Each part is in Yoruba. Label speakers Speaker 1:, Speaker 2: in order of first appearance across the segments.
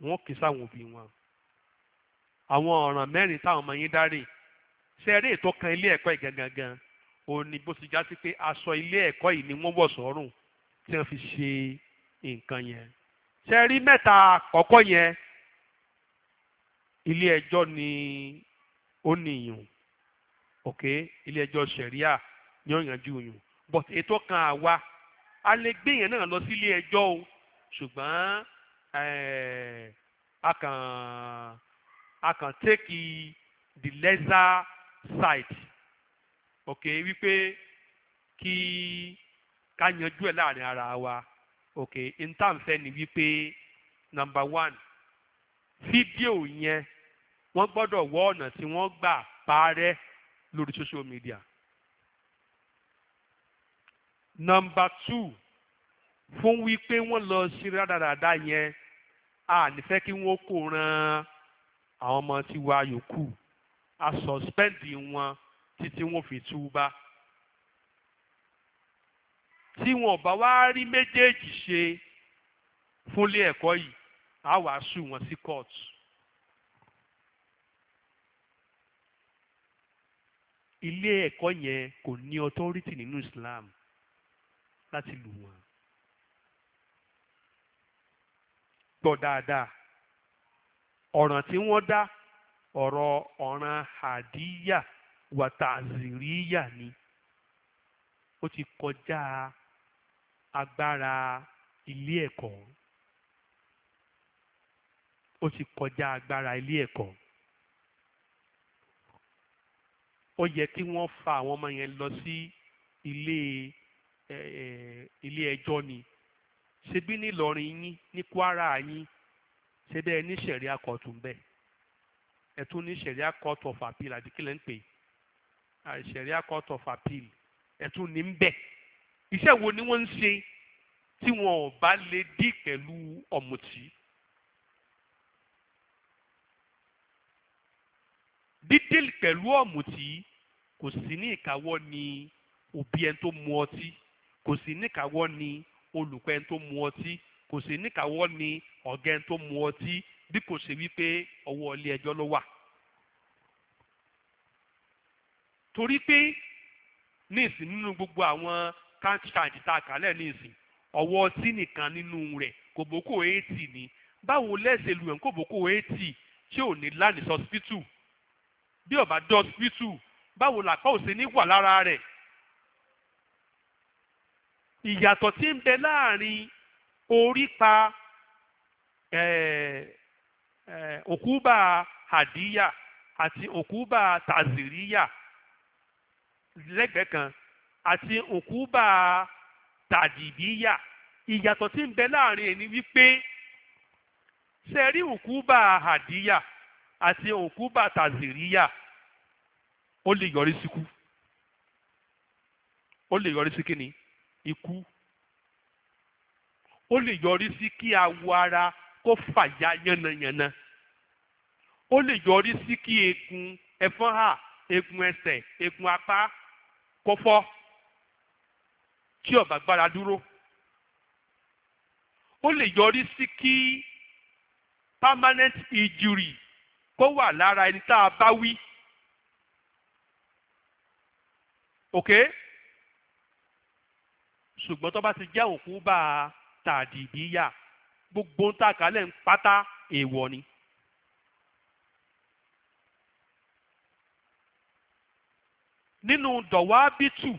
Speaker 1: wọn kì í sáwọn òbí wọn àwọn ọ̀ràn mẹ́rin táwọn ọmọ yín dárè ṣe eré ètò kan ilé ẹ̀kọ́ yìí gangan ò ní bó ti já sí pé aṣọ ilé ẹ̀kọ́ yìí ni wọ́n wọ̀ sọ́rùn tí wọ́n fi ṣe nǹkan yẹn ṣe rí mẹ́ta àkọ́kọ́ yẹn ilé ẹjọ́ ni ó nìyàn ok ilé ẹjọ́ ṣẹ̀ríà ni ó yànjú yàn but ètò kan àwa a lè gbé yẹn náà lọ sí ilé ẹjọ́ o ṣùgbọ́n Eh, akàn akàn take the lesser side ok wípé kí ká yanjú ẹ̀ láàrin ara wa ok in tá n fẹ́ ni wípé number one fídíò yẹn wọ́n gbọ́dọ̀ wọ ọ̀nà tí wọ́n gbà parẹ́ lórí social media number two fún wípé wọ́n lọ sí rádaràda yẹn a lè fẹ́ kí wọ́n kó ran àwọn ọmọ tiwa yòókù a sọ̀spẹ́ǹdì wọn títí wọ́n fi túbá. tí wọn bá wá rí méjèèjì ṣe fúnlé ẹ̀kọ́ yìí a wàá sùn wọn sí kóòtù. ilé ẹ̀kọ́ yẹn kò ní authority nínú Islam láti lù wọ́n. gbọ́ dáadáa ọ̀ràn tí wọ́n dá ọ̀rọ̀ ọ̀ràn hàdíyà wàtàzìríyà ni ó ti kọjá agbára ilé ẹ̀kọ́ ó ti kọjá agbára ilé ẹ̀kọ́ ó yẹ kí wọ́n fa àwọn ọmọ yẹn lọ sí ilé ẹjọ́ ni ṣebí nílọrin yín ní kwara yín ṣebí ẹ ní sẹ̀ríà kọ́ọ̀tù ń ẹ tún ní sẹ̀ríà court of appeal àbí kílẹ̀ ń pè é sẹ̀ríà court of appeal ẹ tún ní ń bẹ̀ iṣẹ́ wo ni wọ́n ń ṣe tí wọn ò bá lè dí pẹ̀lú ọ̀mùtí. dídìl pẹ̀lú ọ̀mùtí kò sí ní ìkáwọ́ ni òbí ẹni tó mu ọtí kò sí ní ìkáwọ́ ni olùkọ́ ẹni tó mu ọtí kò sì níkàáwọ́ ni ọ̀gá ẹni tó mu ọtí bí kò ṣe wípé ọwọ́ ilé ẹjọ́ ló wà. torí pé ní ìsìn nínú gbogbo àwọn country card tá a kà lẹ̀ ní ìsìn ọwọ́ ọtí nìkan nínú rẹ̀ kòbókò eighty ni báwo lẹ́sẹ̀ lu ẹ̀ kòbókò eighty tí ò ní lánìí sọ́spítù bí ọba dọ́spítù báwo làpá òsè ní wà lára rẹ̀ ìyàtọ̀ tí ń bẹ láàrin orípa òkúba hadiya àti òkúba taziriya lẹ́gbẹ̀ẹ́ kan àti òkúba tàdìbíyà ìyàtọ̀ tí ń bẹ láàrin ẹni wípé ṣe rí òkúba hadiya àti òkúba taziriya ó lè yọrí síkú ó lè yọrí sí kíni ikú ó lè yọrí sí kí awọ ara kó fàya yánnayànna ó lè yọrí sí kí eegun ẹ̀fọ́n hà eegun ẹsẹ̀ eegun apá kó fọ́ kí ó bá gbára dúró ó lè yọrí sí kí permanent injury kó wà lára ẹni tá a bá wí. Okay? ṣùgbọ́n tó bá ti jẹ́ òkú bá a tàdìdíyà gbogbo ń tàkálẹ̀ ń pátá èèwọ̀ ni. nínú dọ̀wábítù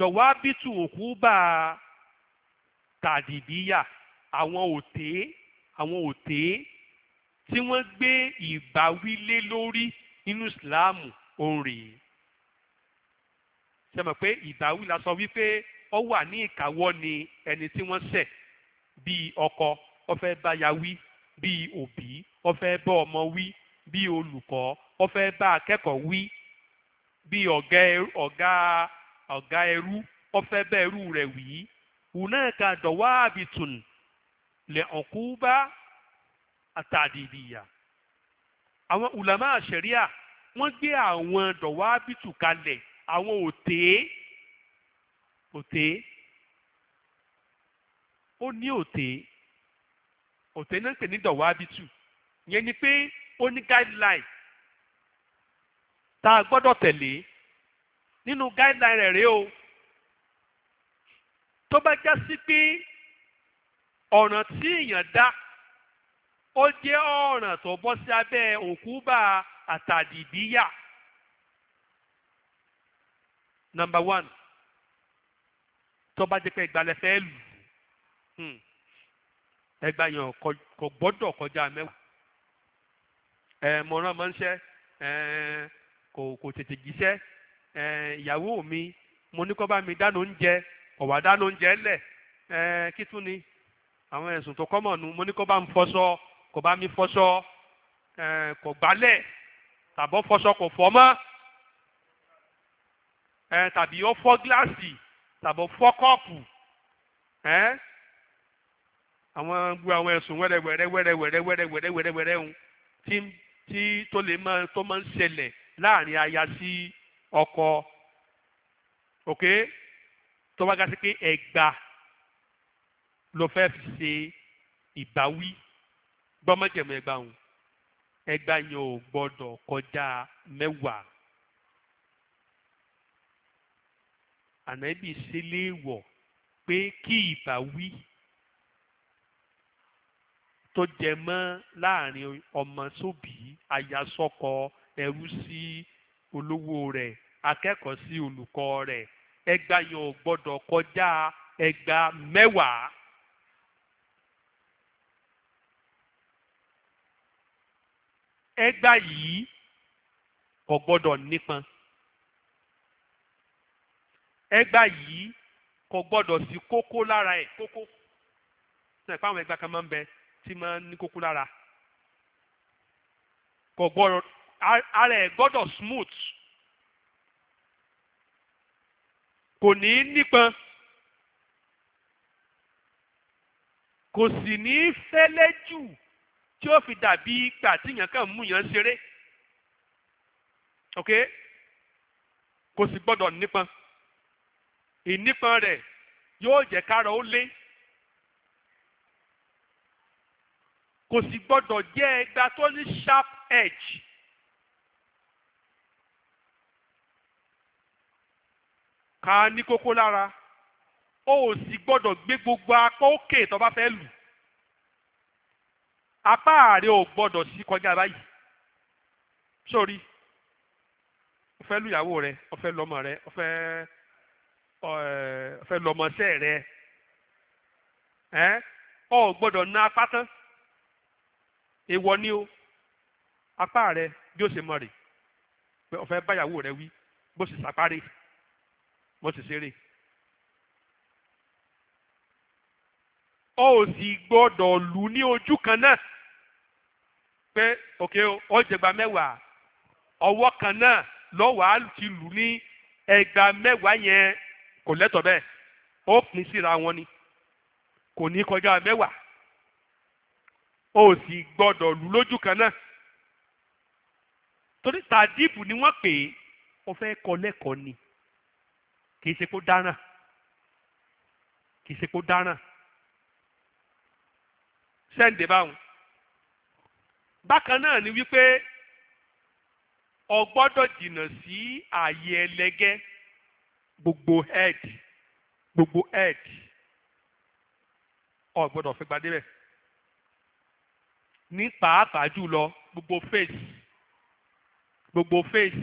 Speaker 1: dọ̀wábítù òkú bá a tàdìdíyà àwọn òté àwọn òté tí wọ́n gbé ìbáwí lórí nínú ìsìláàmù òun rèé ṣe mọ̀ pé ìbáwí la sọ wípé ó wà ní ìkáwọ́ ni ẹni tí wọ́n ṣẹ̀ bíi ọkọ ó fẹ́ báya wí bíi òbí ó fẹ́ bá ọmọ wí bíi olùkọ́ ó fẹ́ bá akẹ́kọ̀ọ́ wí bíi ọ̀gá ọ̀gá ọ̀gá ẹrú ó fẹ́ bá ẹrú rẹ̀ wí hunaka dọ̀wáàbìtùn lè ọ̀kúbá àtàdìbìyà àwọn ulama àṣẹríà wọ́n gbé àwọn dọ̀wáàbìtù kalẹ̀ àwọn òtẹ́ẹ́ òté ó ní òté òté náà pè ní dọ̀wọ́ abitu yẹn ni pé ó ní guideline tá a gbọ́dọ̀ tẹ̀lé nínú guideline rẹ̀ rèé o tó bá já sí pé ọ̀nà tí èèyàn dá ó jẹ́ ọ̀ràn tó bọ́ sí abẹ́ òkúba àtàdìbíyà. number one tó bá jẹ́ pé ẹgbàá lẹ fẹ́ lù hmm. ẹgbàá yẹn kò gbọ́dọ̀ kọjá mẹ́wàá ẹ mọ̀ràn máa ń ṣẹ́ kò kò tètè jíṣẹ́ ìyàwó mi mo ní kó bá mi dáná oúnjẹ kò wá dáná oúnjẹ lẹ̀ kí tún ni àwọn ẹ̀sùn tó kọ́mọ̀ nu mo ní kó bá mi fọṣọ kò bá mi fọṣọ kò gbálẹ̀ tàbọ̀ fọṣọ kò fọ́ mọ́ tàbí ó fọ́ gíláàsì tàbọ̀ fọ́kọ́ọ̀pù ẹ́ àwọn gbogbo àwọn ẹ̀sùn wẹ́rẹ́wẹ́rẹ́ tí tí tó lè máa tó máa ń ṣẹlẹ̀ láàrin aya sí ọkọ ok tó bá ga sí pé ẹ̀gbà ló fẹ́ fi ṣe ìbáwí gbọ́mọ̀jẹ̀mọ̀ ẹ̀gbà ń ẹ̀gbà yẹn ò gbọ́dọ̀ kọjá mẹ́wàá. ànábì ṣe léèwọ̀ pé kí ìbáwí tó jẹ mọ́ láàrin ọmọ sóbì ayasọ́kọ ẹrú sí olówó rẹ̀ akẹ́kọ̀ọ́ sí olùkọ́ rẹ̀ ẹgbà yẹn ò gbọ́dọ̀ kọjá ẹgbà mẹ́wàá. ẹgbà yìí kò gbọ́dọ̀ nípọn ẹgbà yìí kò gbọ́dọ̀ sí kókó lára ẹ̀ kókó sẹ́yìn pé àwọn ẹgbà kan máa ń bẹ tí máa ń ní kókó lára kò gbọ́dọ̀ ara ẹ̀ gbọ́dọ̀ smooth kò ní nípọn kò sì ní fẹ́lẹ́ jù tí ó fi dàbí ìgbà tí yàn kàn mú yàn ṣeré ok kò sì gbọ́dọ̀ nípọn ìnípọn rẹ̀ yóò jẹ́ kára ó lé kò sì gbọ́dọ̀ jẹ́ ẹgba tó ní sharp edge. ká ní kókó lára ó ò sì gbọ́dọ̀ gbé gbogbo apá òkè tó bá fẹ́ lù apá ààrẹ ò gbọ́dọ̀ sí kọjá báyìí sórí ó fẹ́ lùyàwó rẹ ó lọ́mọ rẹ ó fẹ́ fẹ́ lọ́mọṣẹ́ rẹ ọ gbọ́dọ̀ ná apá tán èèwọ̀ ni o apá rẹ bí ó ṣe mọ̀ rè pé o fẹ́ báyàwó rẹ wí bó sì sàpárè bó sì ṣeré. ọ ò sì gbọ́dọ̀ lù ní ojú kan náà pé òkè ọ̀jẹ̀gbà mẹ́wàá ọwọ́ kan náà lọ́wọ́ á ti lù ní ẹgbàá mẹ́wàá yẹn kò lẹ́tọ̀ọ́ bẹ́ẹ̀ ó pín síra wọn ni kò ní kọjá mẹ́wàá ó sì gbọ́dọ̀ lù lójú kan náà torí tàdíìpù ni wọ́n pè é ó fẹ́ kọ lẹ́kọ̀ọ́ ni kì í ṣe kó dáràn kì í ṣe kó dáràn sẹ́ǹdẹ̀ báwọn bákan náà ni wípé o jìnnà sí ààyè ẹlẹgẹ́ gbogbo head gbogbo head ọ gbọ́dọ̀ fi gbadé bẹ̀ ní pàápàá jùlọ gbogbo face gbogbo face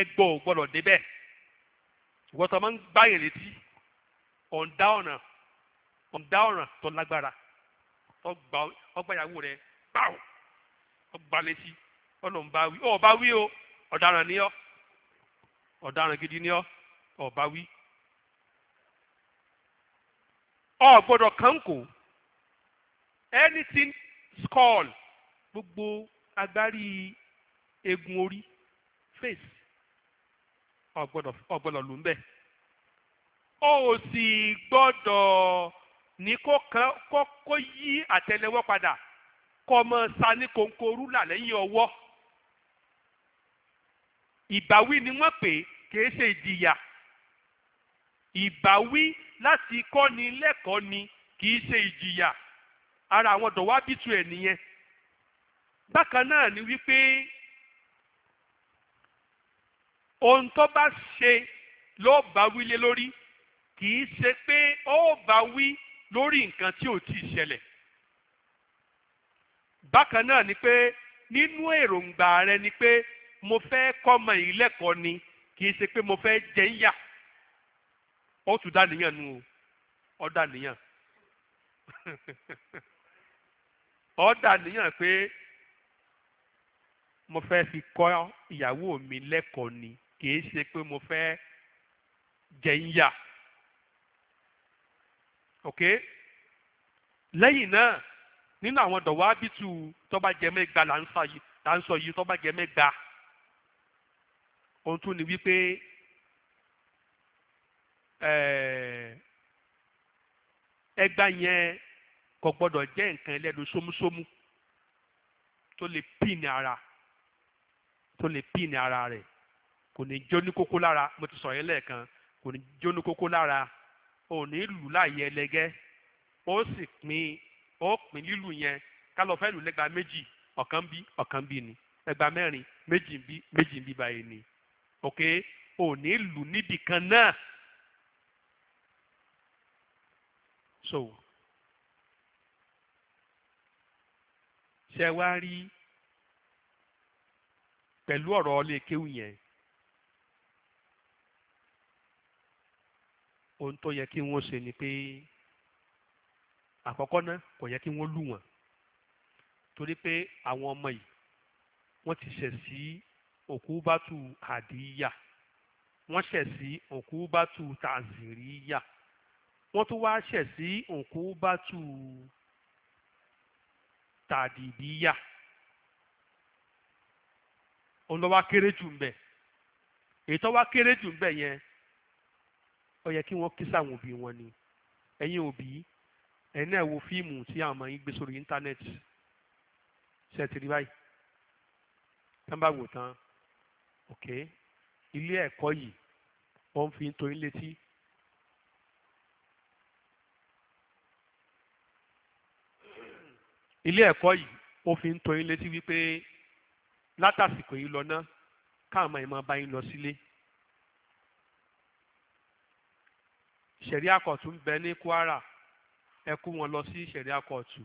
Speaker 1: ẹgbọ́ ò gbọ́dọ̀ débẹ̀ ìwọ́n tó máa ń gbáyìn létí ọ̀ǹda ọ̀nà ọ̀ǹda ọ̀nà tó lágbára ọgbàyàwó rẹ̀ báwò ọgbà létí ọ̀nà ń bá wí ọ̀ bá wí o ọ̀daràn ni ọ́ ọ̀daràn gidi ni ọ́ ọ̀bá wí ọ gbọ́dọ̀ kánkò anything skull gbogbo agbárí egun orí face ọ gbọ́dọ̀ ọ gbọ́dọ̀ ló ń bẹ o ò sì gbọ́dọ̀ ní kó yí àtẹ́lẹwọ́ padà kọ ọmọ sa ní kòńkò rúlà lẹ́yìn ọwọ́ ìbáwí ni wọ́n pè kì í ṣe ìdìyà ìbáwí láti kọ́ni lẹ́kọ̀ọ́ ni kì í ṣe ìjìyà ara àwọn dọ̀wá bìtú ẹ̀ nìyẹn bákan náà ni wípé ohun tó bá ṣe ló bá wílé lórí kì í ṣe pé ó bá wí lórí nǹkan tí ò tí ì ṣẹlẹ̀ bákan náà ni pé nínú èròǹgbà rẹ ni pé mo fẹ́ kọ́mọ ìlẹ́kọ̀ọ́ ni kì í ṣe pé mo fẹ́ jẹ́ ń yà ó tún dá nìyàn nu o ó dá nìyàn ó dá nìyàn pé mo fẹ́ fi kọ́ ìyàwó mi lẹ́kọ̀ọ́ ni kì í ṣe pé mo fẹ́ jẹ ń yà ok lẹ́yìn náà nínú àwọn dọ̀wọ́ ábítù tó bá là ń sọ yìí tó bá ohun tó ní wípé Eh, ẹgbà yẹn kò gbọdọ̀ jẹ́ nǹkan ẹlẹ́nu sómúsómú tó lè pín ara tó lè pín ara rẹ̀ kò ní jó ní kókó lára mo ti sọ yẹn lẹ́ẹ̀kan kò ní jó ní kókó lára ò ní lù láàyè ẹlẹgẹ́ ó sì pín ó pín lílù yẹn ká fẹ́ lù lẹ́gba méjì ọ̀kan bí ọ̀kan bí ni ẹgba mẹ́rin méjì bí méjì bí báyìí ni ok ò ní lù níbì náà so ṣe wá rí pẹ̀lú ọ̀rọ̀ ọlé kéwù yẹn ohun tó yẹ kí wọ́n ṣe ni pé àkọ́kọ́ náà kò yẹ kí wọ́n lù wọ́n torí pé àwọn ọmọ yìí wọ́n ti ṣẹ̀ sí òkúbátù àdìyà wọ́n ṣẹ̀ sí òkúbátù tàzìríyà wọ́n tún wáá ṣẹ̀ sí òkú bátù tàdìbíyà òun lọ wá kéré jù ń bẹ èyí tó wá kéré jù ń bẹ yẹn ó yẹ kí wọ́n kí sáwọn òbí wọn ni ẹ̀yin òbí ẹ̀yin náà wo fíìmù tí àwọn ọmọ yín gbé sórí íńtánẹ́ẹ̀tì ṣe rí báyìí tán bá wò tán ok ilé ẹ̀kọ́ yìí wọ́n fi ń torí létí ilé ẹ̀kọ́ yìí ó fi ń tó yín létí wípé látàsìkò yìí lọ ná káàmọ́ ẹ̀ máa bá yín lọ sílé. ṣẹ̀ríà kọ̀tù ń bẹ ní Kwara ẹ kó wọn lọ sí ṣẹ̀ríà kọ̀tù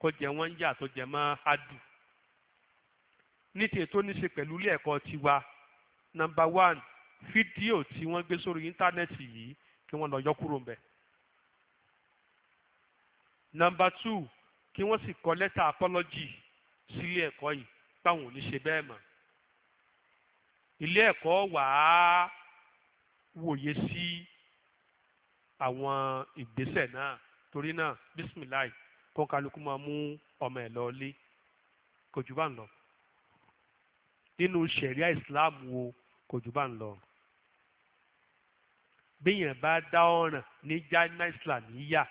Speaker 1: kó jẹ wọ́n ń jà tó jẹ mọ́ adu. ní ti ètò níṣe pẹ̀lú ilé ẹ̀kọ́ tiwa nọ́mbà one fídíò tí wọ́n gbé sórí íńtánẹ́ẹ̀tì yìí kí wọ́n lọ yọ kúrò ń bẹ̀. two kí wọ́n sì kọ lẹ́tà apọ́lọ́jì sílé ẹ̀kọ́ yìí báwọn ò ní ṣe bẹ́ẹ̀ mọ́ ilé ẹ̀kọ́ wàá wòye sí àwọn ìgbésẹ̀ náà torí náà bísímìláì kó kálukú máa mú ọmọ ẹ̀ lọ́ọ́lé kò jù bá ń lọ nínú ṣẹ̀ríà islam wo kò jù bá ń lọ bíyàn bá dá ọ̀ràn ní jamiu islam yíyà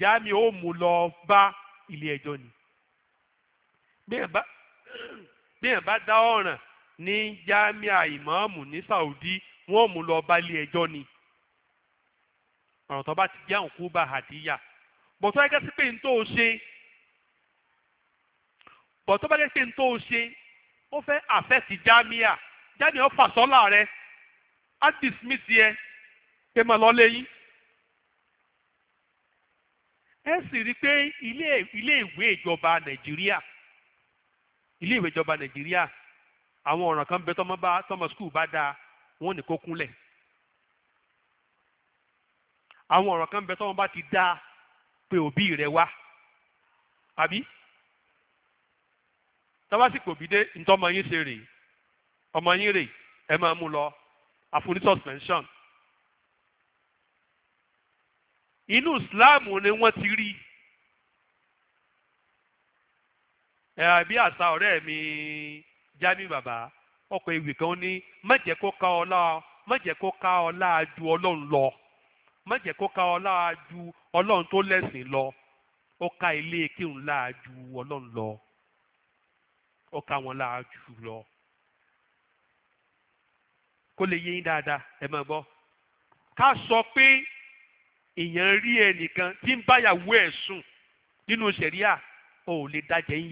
Speaker 1: jamiu ó mú lọ bá ilé ẹjọ́ ni bíyàn bá dá ọ̀ràn ní jámíà ìmáàmù ní Saudi wọ́n mú lọ bá ilé ẹjọ́ ni ọ̀ràn tó bá ti jẹ́ òkú bá hàdíyà bọ̀tọ́ ẹgẹ́ sí pé n tó ṣe bọ̀tọ́ bá jẹ́ pé n tó ṣe ó fẹ́ àfẹ́sì jámíà jáde ó fà sọ́là rẹ̀ á dismiss yẹ pé máa lọ lẹ́yìn ẹ sì rí i pé ilé ìwé ìjọba nàìjíríà ilé ìwé ìjọba nàìjíríà àwọn ọ̀ràn kan bẹ tọmọ bá tọmọ skul bá dáa wọn ní kó kúnlẹ̀ àwọn ọ̀ràn kan bẹ tọmọ bá ti dáa pé òbí rẹ wá àbí tọ́wásìkò bídé ntọ́mọ yín ṣe rèé ọmọ yín rèé ẹ máa mú lọ àfúní suspension inú ìsìláàmù ni wọ́n ti rí ẹ àbí àṣà ọ̀rẹ́ mi jami baba, ọkọ̀ ewì kan ní má jẹ́ kó ká ọ láà má jẹ́ kó ká ọ láà ju ọlọ́run lọ má jẹ́ kó ká ọ láà ju ọlọ́run tó lẹ́sìn lọ ó ká ilé kírun láà ju ọlọ́run lọ ó ká wọn láà jù lọ kó lè yé yín dáadáa ẹ máa gbọ́ ká sọ pé èèyàn rí ẹnìkan tí ń báyàwó ẹ̀ sùn nínú sẹ̀ríà ò lè dájẹ́ ń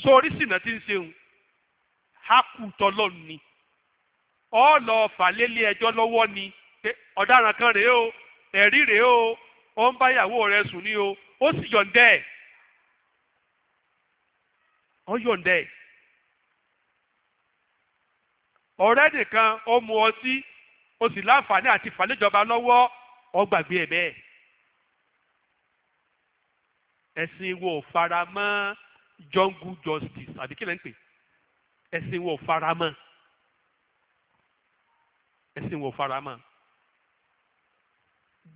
Speaker 1: sọ so orísìnà tí ń ṣeun hákùtọ́ lọ́nu ni ọ lọ fà lélẹ̀ ẹjọ́ lọ́wọ́ ni ọ̀daràn kan rèé o ẹ̀rí rèé o ó ń báyàwó rẹ̀ sùn ni o ó sì yọ̀ǹdẹ́ ẹ̀ ó yọ̀ǹdẹ́ ẹ̀ ọ̀rẹ́ nìkan ó mu ọtí o sì láǹfààní àti fàlẹ́jọba lọ́wọ́ ọgbàgbé ẹ̀ bẹ́ẹ̀ ẹ̀sìn wo fara mọ́ jungle justice àbí kí lẹ ń pè ẹ̀sìn wo fara mọ́ ẹ̀sìn wo fara mọ́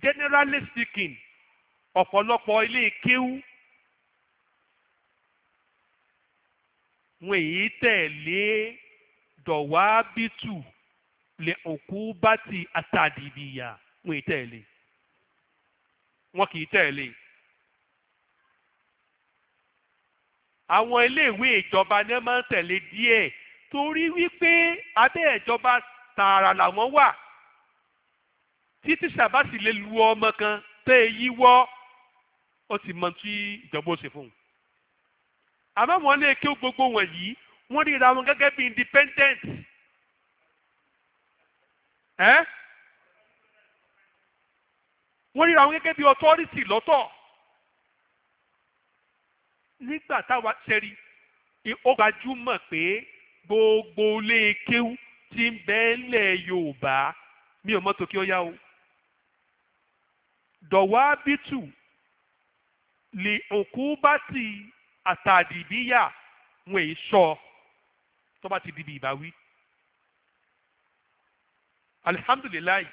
Speaker 1: generally speaking ọ̀pọ̀lọpọ̀ ilé kéwú wọn èyí tẹ̀lé dọ̀wá bítù lè òkú bá ti àtàdìbìyà wọn ì tẹ̀lé wọn kì í tẹ̀lé. àwọn iléèwé ìjọba ni wọ́n máa ń tẹ̀lé díẹ̀ torí wípé abẹ́ ìjọba tààrà làwọn wà tí tíṣà lè lu ọmọ kan tẹ́ ẹ yíwọ́ ó ti mọ tí ìjọba ó ṣe fún un. àmọ́ wọn lè kí gbogbo wọ̀nyí wọ́n ríra wọn gẹ́gẹ́ bí independent ẹ́ wọ́n ríra wọn gẹ́gẹ́ bí ọtọ́rìtì lọ́tọ̀ nígbà táwa ṣẹ́rí ó gbajúmọ̀ pé gbogbo ilé kéwú ti ń bẹ́ lẹ̀ Yorùbá mi ò mọ́tò kí ó yá o dọ̀wá bítù lè òkú bá ti àtàdìbíyà wọn èyí sọ tó bá ti di ìbáwí alihamdulilayi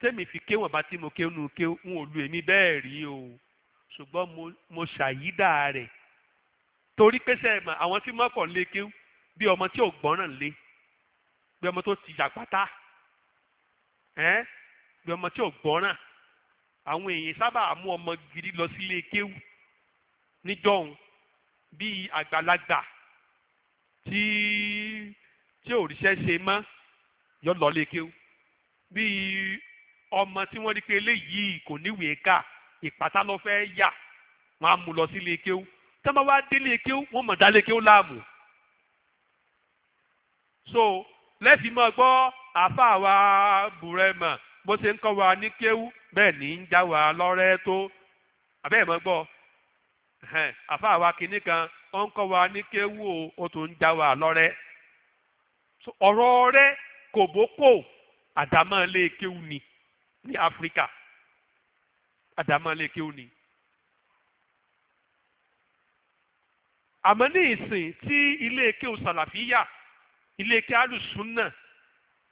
Speaker 1: tẹ́mi fi kéwọ̀n bá tí mo kéwọ́n nu kéwọ́n n ò lu èmi bẹ́ẹ̀ rí o ṣùgbọ́n mo mo ṣàyídà rẹ̀ torí pé sẹ́ẹ̀ mà àwọn tí mọ́kàn lé kéwọ́n bí ọmọ tí ò gbọ́ràn lé bí ọmọ tó ti yàgbátá ẹ́ bí ọmọ tí ò gbọ́ràn àwọn èèyàn sábà mú ọmọ gidi lọ sílé kéwọ́n níjọ́hun bíi àgbàlagbà tí tí ò ṣe mọ́ yọ lọ lé kéwú bíi ọmọ tí wọ́n rí pé eléyìí kò níwèé ká ìpátá ló fẹ́ yà wọ́n á mú lọ sí lé kéwú tí wọ́n bá wá dé lé wọ́n mọ̀ dá lé láàmú. so lẹ́sìn mọ́ gbọ́ àáfàá wa bùrẹ́mà bó ṣe ń kọ́ wa ní kéwú bẹ́ẹ̀ ní ń já wa lọ́rẹ́ tó àbẹ́ẹ̀ mọ́ gbọ́ àáfàá wa kìíní kan ó ń kọ́ wa ní kéwú o ó tún ń já wa lọ́rẹ́ ọ̀rọ̀ rẹ̀ kòbókò àdámọ́lé kéwù ni ní áfíríkà àdámọ́lé kéwù ni. àmọ́ ní ìsìn tí ilé kéwù sàlàfíyà ilé kéwù alùsùnà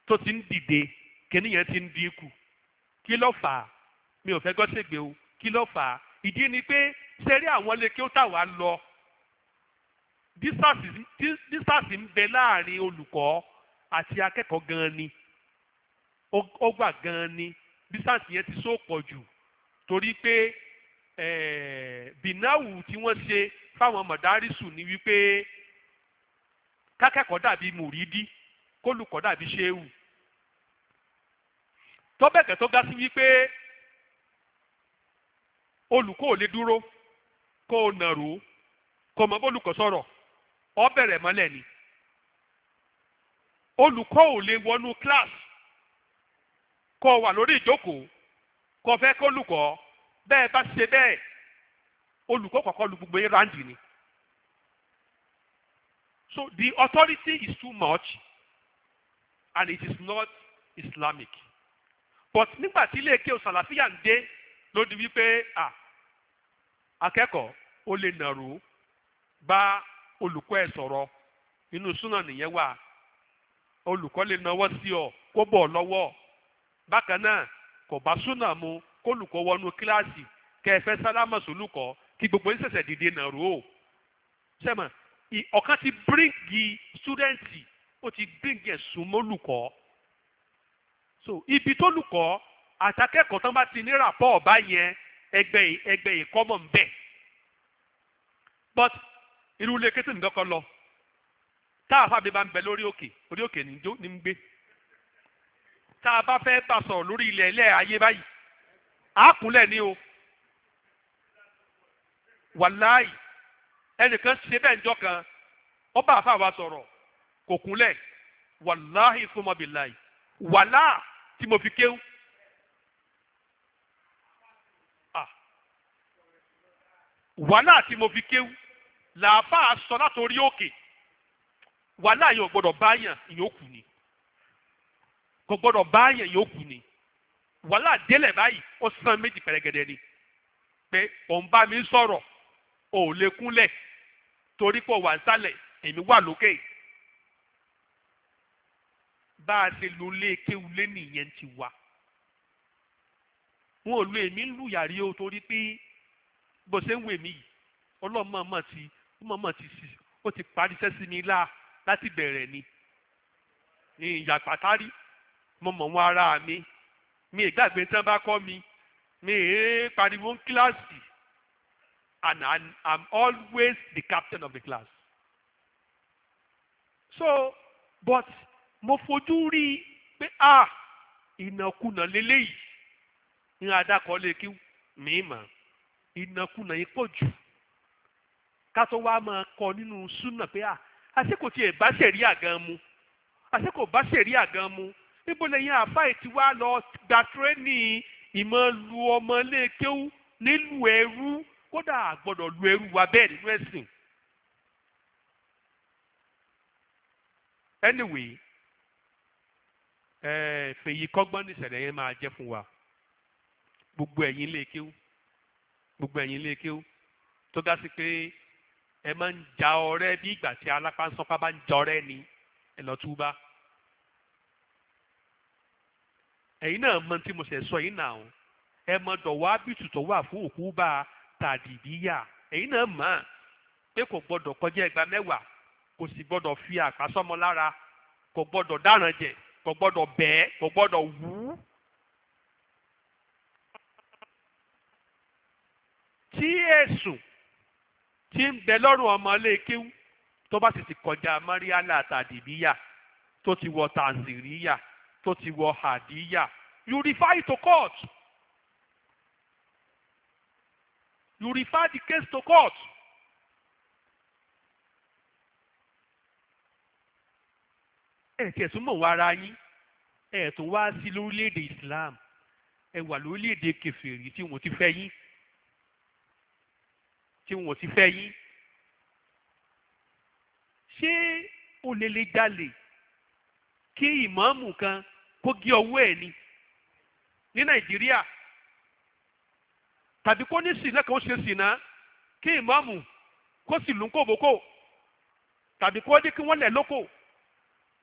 Speaker 1: tó ti ń dìde kìnìyàn ti ń dínkù kí ló fà á mi ò fẹ́ gọ́sẹ̀gbẹ̀ o kí ló fà á ìdí ni pé sẹ́rí àwọn ilé kéwù táwa lọ dísàsì ń bẹ láàrin olùkọ́ àti akẹ́kọ̀ọ́ gan-an ni ó gbà gan-an ni dísáǹsì yẹn ti sóòpọ̀ jù torí pé eh, bìnáwù tí wọ́n ṣe fáwọn mọ̀dárísù ni wípé kákẹ́kọ̀ọ́ dàbí mùrídí kólùkọ́ dàbí ṣéwù tọ́bẹ̀kẹ́ tó ga sí wípé olùkọ́ ò lè dúró kó o nàró kó o mọ bólùkọ́ sọ̀rọ̀ ọ bẹ̀rẹ̀ mọ́lẹ̀ ni olùkọ́ ò lè wọnú class kó wà lórí ìjókòó kó fẹ́ kólùkọ́ bẹ́ẹ̀ bá ṣe bẹ́ẹ̀ olùkọ́ kọ̀ọ̀kan lu gbogbo erandi ni. So the authority is too much and it is not Islamic. But nígbà tí ilé kéwù sàlàfíà ń dé ló di wípé à akẹ́kọ̀ọ́ ó lè nàró bá olùkọ́ ẹ̀ sọ̀rọ̀ inú súnà nìyẹn wà olùkọ́ lè náwó sí ọ kó bọ̀ lọ́wọ́ bákan náà kò bá súnà mu kólùkọ́ wọnú kíláàsì kẹfẹ́ sálámà sólùkọ́ kí gbogbo yín ṣẹ̀ṣẹ̀ dìde nàró o sẹ́mọ̀ ọ̀kan ti bíríngì stúdẹ́ǹtì ó ti bíríngì ẹ̀sùn mólùkọ́ so ibi tó lùkọ́ àtàkẹ́kọ̀ọ́ tán bá ti ní ràpọ̀ ọ̀bá yẹn ẹgbẹ́ ẹgbẹ́ ìkọ́mọ̀ ń bẹ̀ but irú ilé kétìmí dọ́kọ́ lọ táàfà mi bá ń bẹ lórí òkè orí òkè ní ń gbé tá a bá fẹ́ bá sọ̀rọ̀ lórí ilẹ̀ ilẹ̀ ayé báyìí á kúnlẹ̀ ní o wàláì ẹnìkan ṣe bẹ́ẹ̀ njọ́ kan ó bá àfa wa sọ̀rọ̀ kò kúnlẹ̀ wàláì fún wàlá tí mo fi kéwù. wàhálà tí mo fi kéwú làáfà sọ látòrí òkè wàhálà yẹn ò gbọ́dọ̀ báyàn ìyókù ni kò gbọ́dọ̀ báyàn ìyókù ni wàhálà délẹ̀ báyìí ó san méjì pẹ̀lẹ́gẹ̀dẹ̀ ni pé òun bá mi sọ̀rọ̀ ò lè kúnlẹ̀ torí pé wà sálẹ̀ èmi wà lókè bá a ṣe lo lé kéwulé nìyẹn ti wà wọn ò lo èmi ń lu yàrá o torí pé bó ṣe ń wo èmi yìí ọlọ́mọọmọ ti ọmọọmọ ti sì ó ti parí iṣẹ́ láà láti bẹ̀rẹ̀ ni ní ìyàpá tárí mo mọ̀ wọn ara mi mi ì gbàgbé tán bá kọ́ mi mi ì pariwo ń kíláàsì and I'm always the captain of the class. so but mo fojú rí i pé ah ìnàkúnà lélẹ́yìí ní adakọ̀ọ́lé kí mi mọ̀ ìnàkúnà yìí pọ̀ jù ká tó wá máa kọ nínú súnà pé ah àṣekò tí ẹ ṣe rí àgàn mu àṣekò bá ṣẹ̀rí àgàn mu níbo lẹ́yìn àfáì ti wá lọ gba tírénì ìmọ̀ lu ọmọ nílùú ẹrú kódà àgbọ́dọ̀ lu ẹrú wa bẹ́ẹ̀ nínú ẹ̀sìn. anyway fèyí kọ́gbọ́n nìṣẹ̀lẹ̀ yẹn máa jẹ́ fún wa gbogbo ẹ̀yin gbogbo ẹ̀yin lékéwú tó dá sí pé. ẹ máa ń ja ọ̀rẹ́ bí ìgbà tí alápá bá ń jọrẹ́ ni ẹ lọ túbá. ẹ̀yin náà mọ tí mo ṣe sọ yìí nà ó ẹ mọ dọ̀wọ́ ábìtù tó wà fún òkú bá a tàdìdíyà ẹ̀yin náà mọ̀ pé kò gbọ́dọ̀ kọjá ẹgbà mẹ́wàá kò sì gbọ́dọ̀ fi àpá lára kò gbọ́dọ̀ dáràn jẹ kò gbọ́dọ̀ bẹ́ẹ̀ kò gbọ́dọ̀ wú. tí èsùn tí ń bẹ lọ́rùn ọmọ iléekéwú tó bá sì ti kọjá mariala tàdìbíyà tó ti wọ tanziriya tó ti wọ hadiya you refer to court you refer the case to court. ẹ̀kẹ́ tún mọ̀ wá ara yín ẹ̀ tún wá sí lórílẹ̀‐èdè Islam ẹ wà lórílẹ̀‐èdè kèfèrí tí wọ́n ti fẹ́ yín tí wọn ò sì fẹ́ yín ṣé o lè lè jalè kí ìmáàmù kan kó gé ọwọ́ ẹ̀ ni ní nàìjíríà tàbí kó ní sìnà kan ó ṣe sìnà kí ìmáàmù kó sì lù ń kòbókò tàbí kó dé kí wọ́n lẹ̀ lóko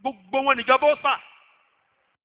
Speaker 1: gbogbo wọn níjọba ó sà.